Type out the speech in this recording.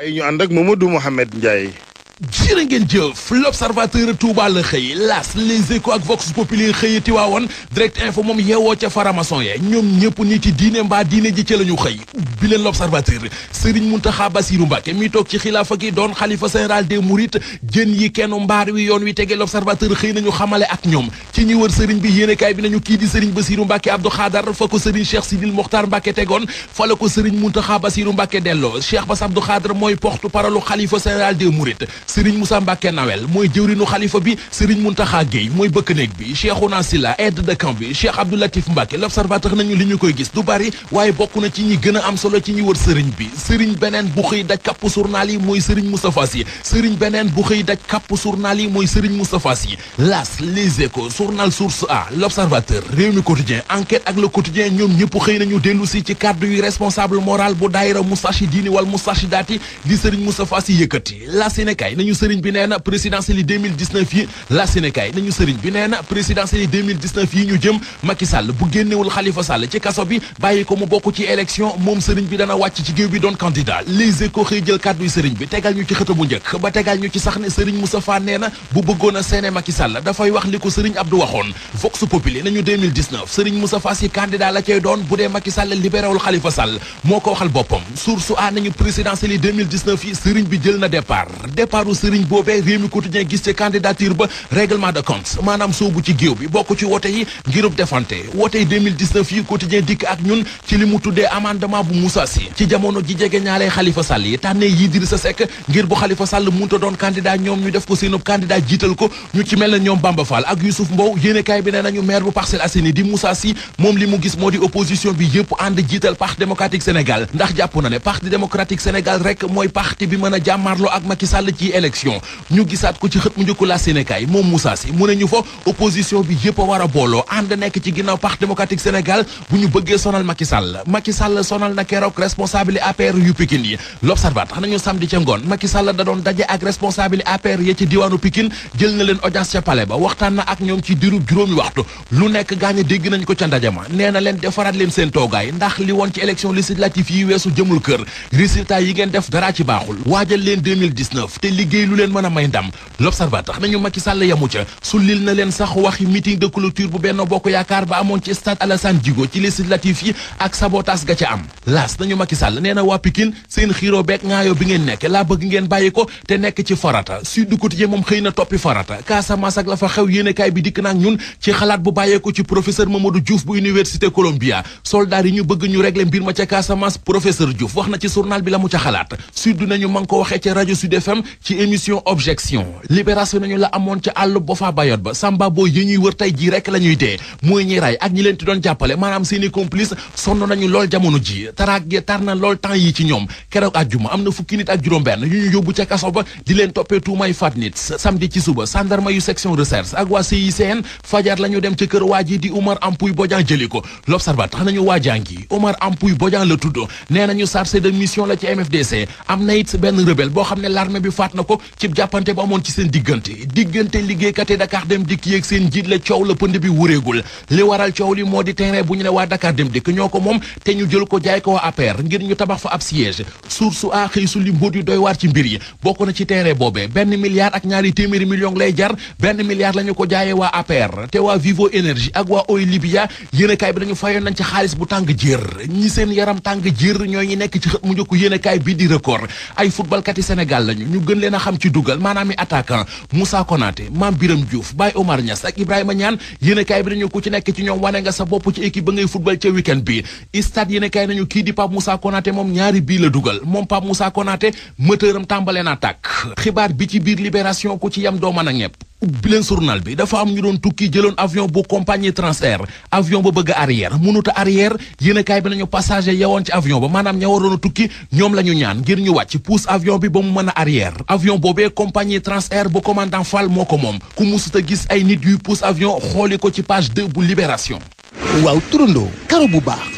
ay ñu ànd ak Mamadou Mouhamed Ndiaye jërë ngeen jëf l'observateur Touba la xëy las les échos ak vox populi xëy tiwaawoon direct info moom yeewoo ca faramaçon ye ñoom ñëpp ni ci diine mbaa diine ji ca la ñu xëy bi leen l'observateur Serigne Mountakha Bassirou Mbacké mi toog ci xilaafa gi doon xalifa général des mourides jën yi kenn mbaar wi yoon wi tege l'observateur xëy nañu xamale ak ñoom ci ñi wër Serigne bi yéenekaay bi nañu kii di Serigne Bassirou Mbacké Abdou Khadar fa ko Serigne Cheikh Sidil Mokhtar Mbacké tegoon fa la ko Serigne Mountakha Bassirou Mbacké delloo Cheikh Bass Abdou Khadar mooy porte-parole xalifa général des mourides Serigne musa Mbacké Nawel mooy jëwrinu xalifa bi Serigne Mountakha Gueye mooy bëkk néeg bi Cheikhouna Sylla aide de camp bi Cheikh Abdou Latif Mbacké l'observateur nañu li ñu koy gis du bari waaye bokk na ci ñi gën a am solo ci ñi wër Serigne bi Serigne beneen bu xëy daj kapp journal yi mooy Serigne Moustapha Sy Serigne beneen bu xëy daj kapp journal yi mooy Serigne Moustapha Sy L'As Les Échos journal Source A l'observateur Rewmi Quotidien enquête ak le quotidien ñoom ñëpp xëy nañu dellu si ci kàddu yu responsable moral bu daayira Moustarchidine wal Moustarchidaty di Serigne Moustapha Sy yëkkati la Sénégal nañu sëriñ bi nee na présidentielle yi 2019 yi la Sénégal nañu sëriñ bi nee na présidentielle yi ñu jëm Macky bu génnewul Khalifa Sall ci kaso bi bàyyi ko mu bokk ci élection moom sëriñ bi dana wàcc ci géew bi doon candidat Les Échos xëy kàdduy sëriñ bi tegal ñu ci xëta njëkk ba tegal ñu ci sax ne sëriñ Moussa Fall bu bëggoon seene Macky dafay wax li ko sëriñ Abdou waxoon Vox Populi nañu sëriñ Moussa si candidat la cay doon bu dee Macky Sall xibaaru sëriñ boobee réew mi quotidien gis ci candidature ba règlement de compte maanaam soobu ci géew bi bokk ci wote yi ngirub defante wote yi 2019 yi quotidien dikk ak ñun ci li mu tuddee amendement bu Moussa Sy ci jamono ji jege ñaalee Khalifa Sall yi tànnee yi Idrissa Seck ngir bu Khalifa Sall munta doon candidat ñoom ñu def ko seenub candidat jiital ko ñu ci mel na ñoom Bamba Fall ak Youssouf Mbow yéenekaay bi nee nañu maire bu Parcelles Assainies di Moussa Sy moom moo di opposition bi yëpp ànd jiital Parti démocratique Sénégal ndax jàpp na élection ñu gisaat ko ci xët mu njëkku la Sénégal moom Moussa Sy mu ne ñu fa opposition bi yëpp a war a booloo nekk ci ginnaaw Parti démocratique Sénégal bu ñu bëggee sonal Macky Sall sonal na keroog responsable APR yu Pikine yi l'Observateur nañu samedi ca ngoon Macky da doon daje ak responsable APR ya ci diwaanu Pikine jël na leen audience ca palais ba waxtaan na ak ñoom ci diirub juróomi waxtu lu nekk gaañ a dégg nañ ko ca ndaje ma nee liggéey lu leen mën a may ndam l'observateur nañu Macky Sall yamu ca sullil na leen sax wax meeting de clôture bu Benno Bokk Yaakaar ba amoon ci stade Alassane Djigo ci législatif yi ak sabotage ga ca am laas nañu Macky Sall nee na waa Pikine seen xiiroo beeg ŋaayoo bi ngeen nekk laa bëgg ngeen bàyyi ko te nekk ci farata Sud Quotidien moom xëy na toppi farata Casamance ak la fa xew yéenekaay bi dikk naak ñun ci xalaat bu bàyyeeko ci professeur Mamadou Diouf bu Université Columbia soldat yi ñu bëgg ñu régler mbir ma ca Casamance na ci la mu ca xalaat Sud nañu ma ngi ko waxee ca rajo Sud FM ci émission objection libération nañu la amoon ca àll bo faa bayot ba samba boo yi ñuy wër tey jii rek la ñuy dee mooy ñi ak ñi leen ti doon jàppale maanaam seeni complice sonn nañu lool jamono ji taraak ge tar na lool temps yi ci ñoom keroog àjjuma am na fukki nit ak juróom benn yu ñu yóbbu ca kaso ba di leen toppee tuumay faat nit samedi ci suba gendarme yu section recherche ak waa CICN fajar la ñu dem ci kër waa ji di Omar Ampuy Bodian jëli ko lo tax nañu waajaa ngi Omar Ampuy mission la ci MFDC xam ne l'armée na ko ci jàppante bu amoon ci seen diggante diggante liggéeykat yi Dakar dem dikk yéeg seen njiit la coow la pënd bi wuréegul li waral coow li moo di terrain bu ñu ne waa Dakar dem dikk ñoo ko moom te ñu jël ko jaay ko waa APR ngir ñu tabax fa ab siège source su li mbóot yu doy waar ci mbir yi bokk na ci terrain boobee benn milliard ak ñaari téeméeri million lay jar benn milliard la ko jaayee waa APR te waa Vivo Énergie ak waa Oil Libya yéenekaay bi nañ ci xaalis bu tàng jër ñi seen yaram tàng jër ñoo ñi nekk ci xët mu njëkk yéenekaay bi di record ay footballkat yi Sénégal lañu ñu gën leen a xam ci dugal maanaam i attaquant Moussa Konaté Mame Biram Diouf Baye Omar Niass ak Ibrahima Niane yéen a kaay bi nañu ku ci nekk ci ñoom wane nga sa bopp ci équipe ba ngay football ca week bi stade yéen a kaay nañu kii di Pape Moussa Konaté moom ñaari bii la dugal moom Pape Moussa Konaté mëtëram tàmbalee naa attaque xibaar bi ci biir libération ku ci yam doo mën a ñepp ubbi leen journal bi dafa am ñu doon tukki jëloon avion bu compagnie transfert avion ba bëgg a arrière mënuta arrière yéenekaay bi nañu passager yewoon ci avion ba maanaam ña waroon a tukki ñoom la ñu ñaan ngir ñu wàcc pousse avion bi ba mu mën a arrière avion boobee compagnie transfert bu commandant Fall moo ko moom ku musuta gis ay nit yuy pousse avion xooli ko ci page 2 bu Libération waaw turandoo karo bu baax